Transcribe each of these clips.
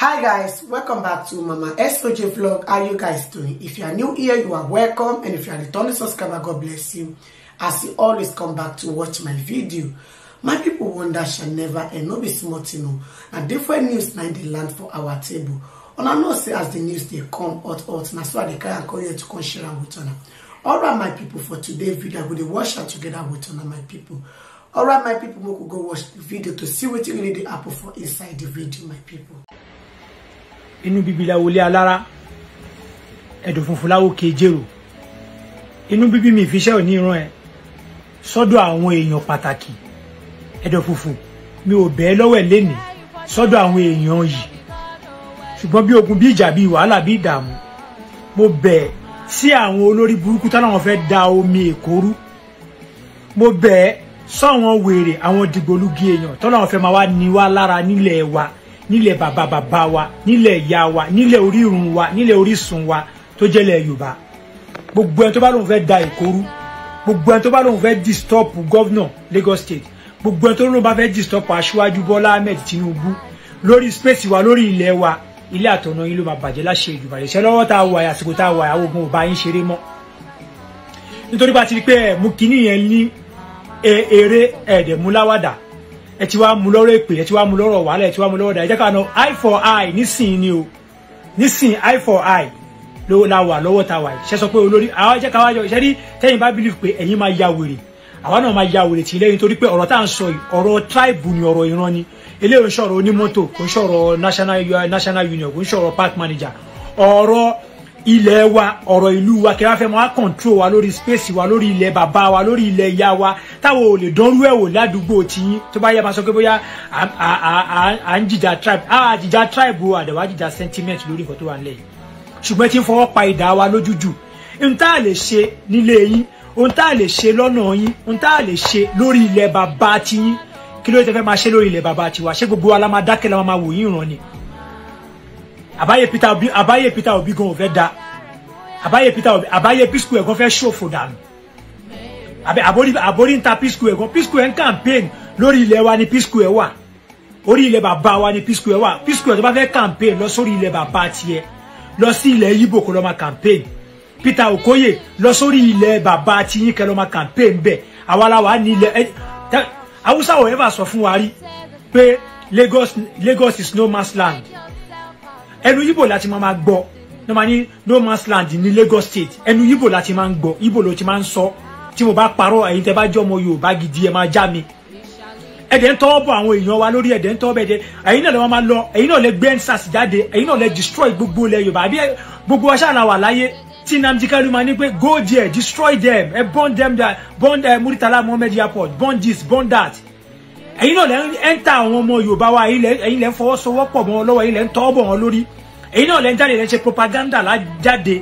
hi guys welcome back to mama soj vlog how you guys doing if you are new here you are welcome and if you are returning subscriber god bless you as you always come back to watch my video my people wonder shall never and no be smart, you know. na different news na dey land for our table I know say as the news they come out out, na so i dey carry call come here to come share am with una alright my people, for today's video we will watch am together with una my pipo alright my people, make we go watch the video to see what you really dey apple for inside the video my people inú bíbí láwọlé alára ẹ̀dùn funfun láwọ kejero inú bíbí mi ìfiṣẹ́ ò ní ìran ẹ sọ́dọ̀ àwọn èèyàn pàtàkì ẹ̀dùn funfun mi ò bẹ́ẹ̀ lọ́wọ́ ẹ̀ lénìí sọ́dọ̀ àwọn èèyàn yìí ṣùgbọ́n bí ogun bí ìjà bí wàhálà bí ìdààmú mo bẹ̀ sí àwọn olórí burúkú táwọn fẹ́ da omi èkó mo bẹ̀ sọ àwọn wèrè àwọn dìgbòlugi èèyàn tọ́lọ́wọ́n fẹ́ máa wá ní wá lára nílẹ̀ wa nílẹ̀ bàbá bàbá wa nílẹ̀ ìyá wa nílẹ̀ orírun wa nílẹ̀ orísun wa tó jẹ́lẹ̀ yorùbá gbogbo ẹni tó bá lóun fẹ́ da ìkóru gbogbo ẹni tó bá lóun fẹ́ disturb governor Lagos State gbogbo ẹni tó lóun bá fẹ́ disturb aṣíwájú Bọ́lá Ahmed Tinubu lórí space wa lórí ilẹ̀ wa ilé àtọ̀nà yín ló máa bàjẹ́ láṣẹ ìjùbà ìṣẹ́ lọ́wọ́ tá a wà àsìkò tá a wà àwọn ogun ò bá yín ṣeré mọ́ nítorí bá ti rí pé mú kinní yẹn ní eré ẹ̀ẹ́dẹ̀múláwàdà ẹ ti wá mú lọ́rọ̀ èpè ẹ ti wá mú lọ́rọ̀ wàhálà ẹ ti wá mú lọ́rọ̀ dà ẹ jẹ́ ká na for I, nísìn ni o nísìn eye for I, ló la wà lọ́wọ́ ta wà yìí ṣe sọ pé olórí àwọn jẹ́ ká wá yọ tẹ́yìn bá believe pé ẹ̀yin máa ya wèrè àwa náà máa ya wèrè tì lẹ́yìn torí pé ọ̀rọ̀ tá à ń sọ yìí ọ̀rọ̀ tribe ni ọ̀rọ̀ ìran ni eléyìí ń sọ̀rọ̀ onímọ́tò kò ń sọ̀rọ̀ national union kò ń sọ̀rọ̀ park manager ọ̀rọ̀ ilẹ̀ wa ọ̀rọ̀ ìlú wa kí wọ́n fẹ́ máa control wa lórí space wa lórí ilẹ̀ bàbá wa lórí ilẹ̀ ìyá wa táwọn ò lè dánrú ẹ̀ wò ládùúgbò tiyín tó bá yẹ máa sọ pé bóyá à ń jìjà tribe à jìjà tribe o àdàwà jìjà sentiment lórí nǹkan tó wà nílẹ̀ yìí ṣùgbọ́n tí ń fọwọ́ pa ìdá wa lójújù ohun tá a lè ṣe nílé yín ohun tá a lè ṣe lọ́nà yín ohun tá a lè ṣe lórí ilẹ̀ bàbá tiyín kí ló tẹ fẹ́ máa ṣe lórí ilẹ̀ bàbá tiwa ṣé gbogbo wa la máa wò yín ìran ni àbáyé Peter Obi àbáyé Peter Obi gan ò fẹ́ da àbáyé Peter Obi àbáyé P-Square gan fẹ́ ṣòfò dànù àbẹ àbórí àbórí ń ta P-Square gan P-Square ń campaign lórí ilẹ̀ wa ni P-Square wà orí ilẹ̀ bàbá wa ni P-Square wà P-Square tó bá fẹ́ campaign lọ sórí ilẹ̀ bàbá tiẹ̀ lọ sí ilẹ̀ Igbo kó lọ máa campaign Peter Okoye lọ sórí ilẹ̀ bàbá tiyín kẹ́ lọ máa campaign bẹ́ẹ̀ àwa la wà ní ilẹ̀ Haúsá ò ever sọ fún wa rí pé Lagos Lagos is no man's land ẹnu yíbò láti máa gbọ́ ní ma ní no man's land ní Lagos state ẹnu yíbò láti máa ń gbọ́ yíbò ló ti máa ń sọ tí mo bá parọ́ ẹ̀yin tẹ́ bá jẹ́ ọmọ Yorùbá gidi ẹ máa já mi ẹ̀dẹ̀ ń tọ́ bọ̀ àwọn èèyàn wa lórí ẹ̀dẹ̀ ń tọ́ bẹ̀ dẹ ẹ̀yin náà lè máa lọ ẹ̀yin náà lè gbé ensas jáde ẹ̀yin náà lè destroy gbogbo ilẹ̀ Yorùbá àbí gbogbo aṣáà náà wà láyé tí Nnamdi Kanu máa ní pé go there destroy them ẹ burn them there burn uh, Muritala Mohammed airport burn this burn that ẹ̀yin náà lẹ́ ń ẹ́ńtà àwọn ọmọ yorùbá wa ẹ̀yin lẹ́ ń fọwọ́sowọ́pọ̀ mọ́ lọ́wọ́ ẹ̀yin lẹ́ ń tọ́wọ́ bọ̀ wọn lórí ẹ̀yin náà lẹ́ ń jáde lẹ́ ń ṣe propaganda lájáde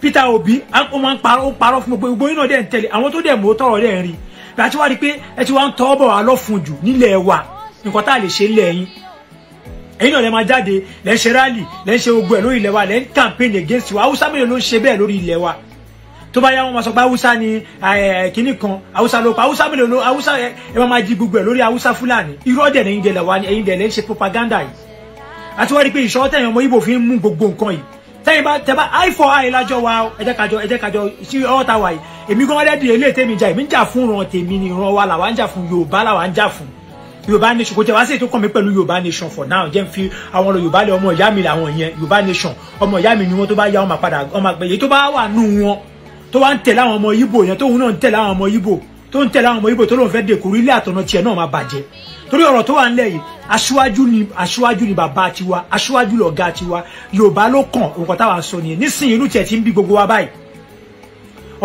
Peter Obi ó máa ń parọ́ ó parọ́ fún gbogbo gbogbo yín náà dẹ̀ ń tẹ̀lé àwọn tó dẹ̀ mọ́ tọrọ dẹ̀ ń rí bí a ti wá rí i pé ẹ ti wá ń tọ́wọ́ bọ̀ wá lọ́fun jù nílẹ̀ wa nǹkan tá a lè ṣe nílẹ̀ yín ẹ̀yin náà lẹ́ máa jáde lẹ́ ń ṣe rally lẹ́ ń ṣe gbogbo ẹ̀ lórí ilẹ̀ wa lẹ́ ń campaign against wa haúsá mélòó ló ń ṣe bẹ́ẹ̀ lórí ilẹ̀ wa tó bá yá wọn máa sọ pé haúsá ni kínní kan haúsá ló pa haúsá mélòó ló haúsá ẹ máa máa di gbogbo ẹ lórí haúsá fúlàní irọ́ dẹ̀ ní ìdẹ̀lẹ̀ wa ni ẹ̀yin dẹ̀lẹ̀ ń ṣe propaganda yìí àti wọ́n rí i pé ìṣọ́ tẹ̀yìn ọmọ Ìgbò fi ń mú gbogbo nǹkan yìí tẹ́yìn bá tẹ́ bá eye for eye lájọ́ wa ẹ̀jẹ̀ kájọ ẹ̀jẹ̀ kájọ sí ọ̀tá wa yìí èmi gan rẹ́dì eléyìí tèmi jà èmi ń jà fún ìran tèmi ni ìran wa làwa ń jà fún Yorùbá làwa ń jà fún Yorùbá nation kò tẹ wá sí ètò kàn mí pẹ̀lú Yorùbá nation for now jẹ́ ń fi àwọn Yorùbá lé ọmọ ìyá mi làwọn yẹn Yorùbá nation ọmọ ìyá mi ni wọ́n tó bá yá wọn máa ọmọ àgbẹ̀yẹ tó bá wà nù wọn tó wá ń tẹ̀lé àwọn ọmọ Ìgbò yẹn tóun náà ń tẹ̀lé àwọn ọmọ Ìgbò tó ń tẹ̀lé àwọn ọmọ Ìgbò tó lóun fẹ́ dèkùrú ilé àtọ̀nà tiẹ̀ náà máa bàjẹ́ torí ọ̀rọ̀ tó wà ńlẹ̀ yìí aṣíwájú ni aṣíwájú ni bàbá tiwa aṣíwájú lọ̀gá tiwa Yorùbá ló kàn òǹkọ̀ táwa sọ nìyẹn nísìnyí inú tiẹ̀ ti ń bí gbogbo wa báyìí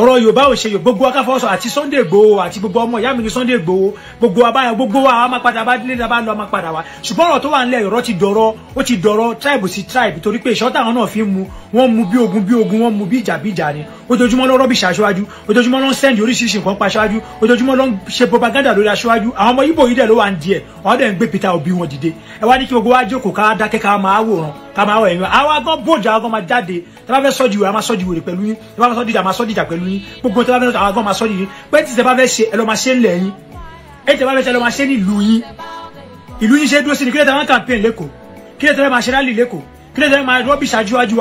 ọ̀rọ̀ yorùbá ò ṣe gbogbo akáfọwọ́sọ àti Sunday Igboho àti gbogbo ọmọ ìyá mi ní Sunday Igboho gbogbo abáyọ gbogbo wa a máa padà bá délé dábàá lọ a máa padà wá ṣùgbọ́n ọ̀rọ̀ tó wà nílẹ̀ ọ̀rọ̀ ti dọ̀rọ̀ ó ti dọ̀rọ̀ tribe sí tribe torí pé ìṣọ́tà àwọn náà fi ń mu wọ́n mu bí ogun bí ogun wọ́n mu bí ìjà bí ìjà ni ojoojúmọ́ ló rọ́bìṣì aṣáájú ojoojúmọ́ ló ń sẹ́ndì oríṣiríṣi nǹkan pa aṣáájú ojoojúmọ́ ló ń ṣe propaganda lórí aṣáájú àwọn ọmọ Ìgbò yìí dẹ̀ ló wà ń di ẹ̀ ọ̀dẹ̀ ń gbé Peter Obi wọn dìde ẹ wá ní kí gbogbo wa jókòó ká dákẹ́ ká máa wòran Kama máa wọ ẹ̀yìn wa àwa gan bòjà àwa gan máa jáde tí a bá fẹ́ sọ di wèrè a máa sọ di wèrè pẹ̀lú yín tí a bá fẹ́ sọ di ìjà a máa sọ se ìjà pẹ̀lú yín gbogbo tí a bá fẹ́ sọ àwa gan máa sọ di yín pé tí ìjọba fẹ́ ṣe ẹ lọ máa ṣe ńlẹ̀ yín ẹ tí ìjọba fẹ́ ṣe ẹ lọ máa ṣe nílùú yín ìlú yín ṣe dúró sí ni kí lè tẹ́lẹ̀ máa campaign lẹ́kọ̀ọ́ kí lè tẹ́lẹ̀ máa ṣe rally lẹ́kọ̀ọ́ kí lè tẹ́lẹ̀ máa rọ́bì ṣáájúwájú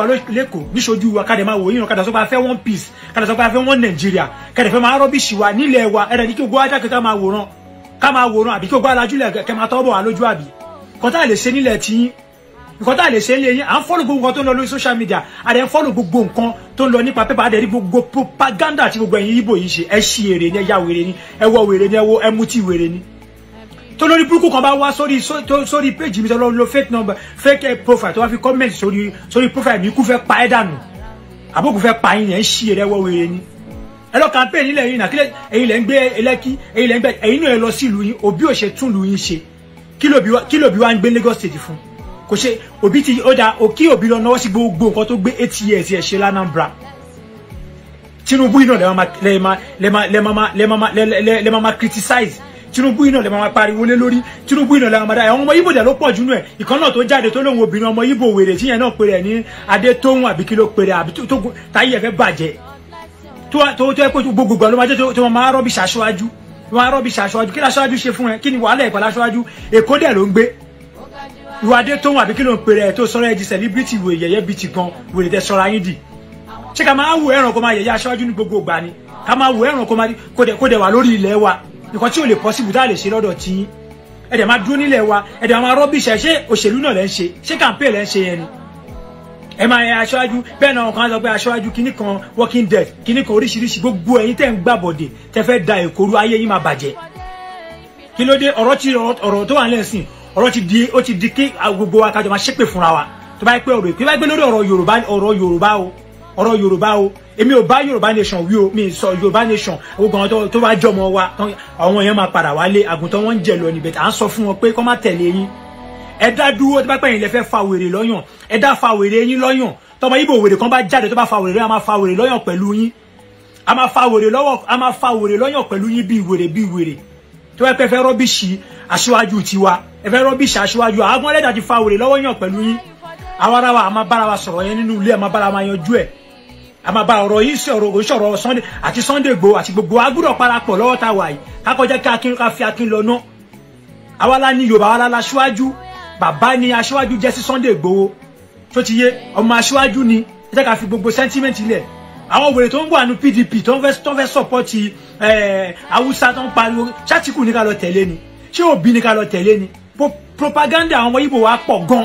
wa one peace Kada sọ pé a fẹ́ one Nàìjíríà kàdé fẹ́ máa rọ́bì ṣì wa nílẹ̀ wa ẹ̀rẹ̀ ní kí gbogbo ajá kẹta máa wòran ká máa wòran àbí kí gbogbo alájúlẹ̀ kẹ máa tọ́ bọ̀ wá lójú àbí kọ́tà lè ṣe nílẹ̀ tiyín nǹkan tá a lè ṣe lé yín à ń fọ́lù gbogbo nǹkan tó ń lọ lórí social media à dẹ̀ ń fọ́lù gbogbo nǹkan tó ń lọ nípa pépà à dẹ̀ rí gbogbo propaganda tí gbogbo ẹ̀yin ibo yìí ṣe ẹ ṣí èrè ni ẹ ya wèrè ni ẹ wọ wèrè ni ẹ wo ẹ mutí wèrè ni. tó lórí burúkú kan bá wá sórí sórí page mi tó lọ fake number fake eh, profile tó wá fi comment sórí sórí profile mi kú fẹ́ pa ẹ́ dànù àbókù fẹ́ pa yín ẹ̀ ń ṣí èrè ẹ wọ wèrè ni ẹ lọ campaign nílẹ̀ yìí nà kílẹ̀ ẹ̀yin lẹ́ ń gbé ẹlẹ́kí ẹ̀yin lẹ́ ń gbé ẹ̀yin náà ẹ lọ sí ìlú yín òbí òṣè tún ìlú yín ṣe kí lòbí wá ń gbé Lagos State fún kò ṣe òbí ti ó da òkè òbí lọ náwó sí gbogbo nǹkan tó gbé eight years ẹ̀ ṣe lánàmbra Tinubu yìí náà lè máa máa criticize Tinubu yìí náà lè máa pariwo lé lórí Tinubu yìí náà lè máa dáa àwọn ọmọ Ìbò dẹ̀ ló pọ̀ jù nù ẹ̀ ìkan náà tó jáde tó lóun obìnrin ọmọ Ìbò wèrè tíyẹn náà pèrè ní Adétóhùn àbí kí ló pèrè àbí tó táyé ẹ̀ fẹ́ bàjẹ́ tó tó ẹ pé gbogbo ló máa jẹ́ tó máa rọ́bì ṣaṣọ́wájú máa rọ́bì ṣaṣọ́wájú kí ni aṣọ́wájú ṣe fún ẹ kí ni wàhálà ìpàdé aṣọ́wájú Èkó dẹ̀ ló ń gbé ìwà dé tóun àbí kí ló ń pè rẹ tó sọ̀rọ̀ ẹ di celebrity wò yẹyẹ bíi ti gan wèrè tẹ sọ̀rọ̀ ayé dì ṣé ká máa wo ẹran kó máa yẹyẹ aṣáájú ní gbogbo ìgbà ni ká máa wo ẹran kó máa kó dẹ̀ wà lórí ilẹ̀ wa nǹkan tí ò lè possible tá a lè ṣe lọ́dọ̀ tí ẹ dẹ̀ máa dúró nílẹ̀ wa ẹ dẹ̀ máa rọ́bìṣẹ́ ṣé òṣèlú náà lẹ́ ń ṣe ṣé campaign lẹ́ ń ṣe yẹn ni ẹ máa yẹ aṣáájú bẹ́ẹ̀ náà kan sọ pé aṣáájú ọ̀rọ̀ ti di ó ti di kí gbogbo wa kájọ máa ṣépè fúnra wa tó bá yẹ pé ọ̀rọ̀ èpè bá yẹ pé lórí ọ̀rọ̀ yorùbá ọ̀rọ̀ yorùbá o ọ̀rọ̀ yorùbá o èmi ò bá yorùbá nation wí o mi sọ yorùbá nation gbogbo àwọn tó bá jọmọ wa àwọn èèyàn máa padà wálé àgùntàn wọn ń jẹ lọ níbẹ̀ à ń sọ fún wọn pé kọ́ má tẹ̀lé yín ẹ dá dúró tó bá pẹ̀yìn lẹ fẹ́ fa wèrè lọ́yàn ẹ dá fa wèrè yín lọ́yàn tọmọ ibo wèrè kan bá jáde tó bá fa wèrè lọ́yàn a máa fa wèrè lọ́yàn pẹ̀lú yín a máa fa wèrè lọ́wọ́ a máa fa wèrè lọ́yàn pẹ̀lú yín bí wèrè bí wèrè tó yẹ pé fẹ́ aṣíwájú tiwa ẹ fẹ́ rọ́bìṣì aṣíwájú àwọn ẹlẹ́dàá ti fa wèrè lọ́wọ́ yàn pẹ̀lú yín àwa ara wa a wa sọ̀rọ̀ yẹn nínú ilé a máa bára wa yanjú ẹ̀ a máa bá ọ̀rọ̀ yìí sọ̀rọ̀ òṣòro Sunday àti Sunday Igboho àti gbogbo agbúdọ̀ parapọ̀ lọ́wọ́ ta wà yìí kákọjá kí akin ká fi akin lọ ná àwa la Yorùbá wa la aṣíwájú bàbá ni aṣíwájú jẹ́ sí Sunday Igboho tó ti yé ọmọ aṣíwájú ni ẹ jẹ́ ká fi gbogbo sentiment ilẹ̀ àwọn wèrè tó ń wà ní pdp tó ń fẹ́ tó ń fẹ́ sọ́pọ́tì eh, haúsá tó ń pariwo ṣáàtìkù ní ká lọ tẹ̀lé ni ṣé òbí ní ká lọ tẹ̀lé ni propaganda àwọn ibo wa pọ̀ gan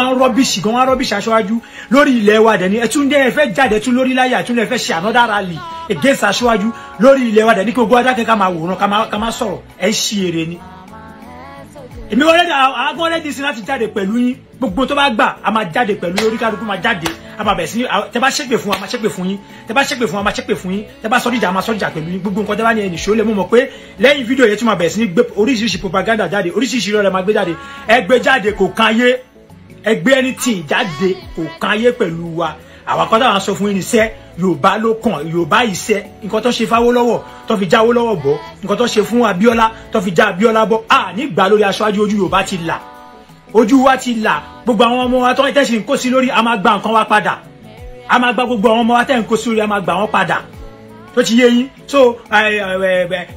àwọn rọ́bìṣì gan wọn rọ́bìṣì aṣáájú lórí ilẹ̀ wa dẹ̀ ni ẹtúndé ẹ fẹ́ jáde tún lórí láyà ẹtúndé ẹ fẹ́ ṣe another rally against aṣáájú lórí ilẹ̀ wa dẹ̀ ni kí gbogbo adákẹ́ ká máa wòran ká máa sọ̀rọ̀ ẹ ń ṣe èrè ni èmi wọlé àwọn ọlẹ́dìí sí láti jáde pẹ̀lú yín gbogbo tó bá gbà a máa jáde pẹ̀lú lórí máa jáde a máa bẹ̀rẹ̀ sí tẹ bá ṣépè fún wa a máa ṣépè fún yín tẹ bá ṣépè fún wa a máa ṣépè fún yín tẹ bá sọ́díjà a máa sọ́díjà pẹ̀lú yín gbogbo nǹkan tẹ bá ní ẹnì ṣó lè mú mọ̀ pé lẹ́yìn fídíò yẹn tún máa bẹ̀rẹ̀ sí ní gbé oríṣiríṣi propaganda jáde oríṣiríṣi rẹ̀ máa gbé jáde ẹ gbé jáde kò kan ayé ẹ gbé anything jáde kò kan ayé pẹ̀lú wa àwọn akọ́tà wa sọ fún yín níṣẹ́ yorùbá ló kàn yorùbá iṣẹ́ nǹkan tó ṣe fáwọ́ lọ́wọ́ tó fi jáwọ́ lọ́wọ́ bọ́ nǹkan tó ṣe fún abiola tó fi já abiola bọ́ à nígbà lórí aṣáájú ojú yorùbá ti là ojú wa ti là gbogbo àwọn ọmọ wa tó ń tẹ́sí nǹkó sí lórí a máa gba nǹkan wa padà a máa gba gbogbo àwọn ọmọ wa tẹ́ nǹkó sí lórí a máa gbà wọ́n padà tó ti yé yín so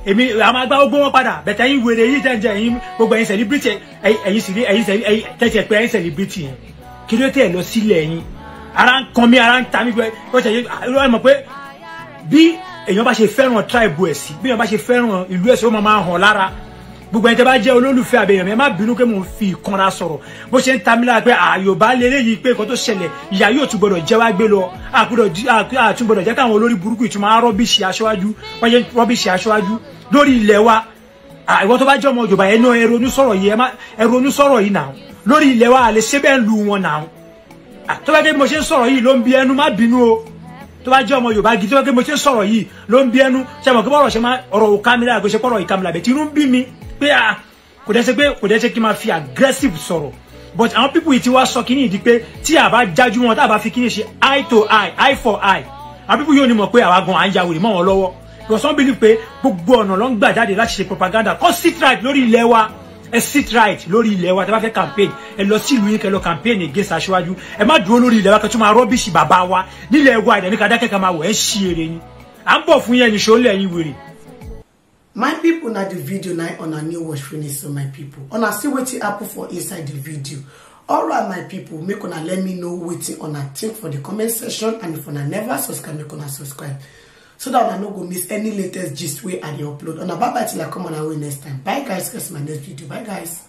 èmi a máa gba gbogbo wọn padà bẹ̀tẹ̀ yín wèrè yín tẹ́ ń jẹ ẹ̀yin gbogbo ẹ̀yin celebrity ẹ̀yin sì rí ẹ̀yin tẹ́tí ẹ̀ pé ẹ̀yin celebrity yẹn kí ló tẹ̀ lọ sílẹ̀ yín ara ń kan mi ara ń ta mi pé ó ṣe yé mọ̀ pé bí èèyàn bá ṣe fẹ́ràn tribe ẹ̀ sí bí èèyàn bá ṣe fẹ́ràn ìlú ẹ̀ sí ó máa máa hàn lára gbogbo ẹni tẹ́ bá jẹ́ olólùfẹ́ àbẹ̀yàn ẹ má bínú pé mò ń fi ìkanra sọ̀rọ̀ bó ṣe ń ta mí lára pé àyòbá lélẹ́yìí pé nǹkan tó ṣẹlẹ̀ ìyá yóò tún gbọdọ̀ jẹ́ wá gbé lọ àtún gbọdọ̀ jẹ́ káwọn olórí burúkú ìtumọ̀ rọ́bìṣì aṣáájú wọ́n jẹ́ rọ́bìṣì aṣáájú lórí ilẹ̀ wa ìwọ tó bá jẹ́ ọmọ Yorùbá ẹnu ẹ ronú sọ̀rọ̀ yìí ẹ ronú sọ̀rọ̀ yìí náà lórí ilẹ̀ wa àlè ṣé bẹ́ẹ̀ lu wọn náà tó bá dé bí mo ṣe ń sọ̀rọ̀ yìí ló ń bi ẹnu má bínú o tó bá jẹ́ ọmọ yorùbá gidi tó bá gbé mo ṣe sọ̀rọ̀ yìí ló ń bí ẹnu ṣe mọ̀ kí bọ́ọ̀rọ̀ ṣe máa ọ̀rọ̀ òkà mi lára kò ṣe pọ̀rọ̀ ìka mi làbẹ̀ tí inú ń bí mi pé a ah, kò dẹ́ pé kò dẹ́ kí n máa fi aggressive sọ̀rọ̀ but àwọn people yìí ti wá sọ kíní ìdí pé tí a bá jájú wọn tá a bá fi kíní ṣe eye to eye eye for eye àwọn people yóò ní mọ̀ pé àwa gan à ń ya wèrè mọ́ wọn lọ́wọ́ because wọ́n believe pé gbogbo ọ̀nà ló ń gbà jáde láti ṣe propaganda cause strike lórí ilẹ̀ wa ẹ sit right lórí ilẹ̀ wa tí a bá fẹ́ campaign ẹ lọ sí ìlú yín kẹ lọ campaign against aṣáájú ẹ má dúró lórí ilẹ̀ wa kẹ tún máa rọ́bìṣì bàbá wa nílẹ̀ wa ìdẹ̀ni ká dákẹ́ ká máa wọ̀ ẹ́ ṣí eré yín à ń bọ̀ fún yẹn nìṣó lẹ̀ yín wèrè. my pipo na di video na una new watch finish so my pipo una see wetin happen for inside di video alright my pipo make una let me know wetin una think for di comment section and if una never subscribe make una subscribe so that I no go miss any latest gist wey i dey upload una bye bye till i come on our way next time bye guys catch my next video bye guys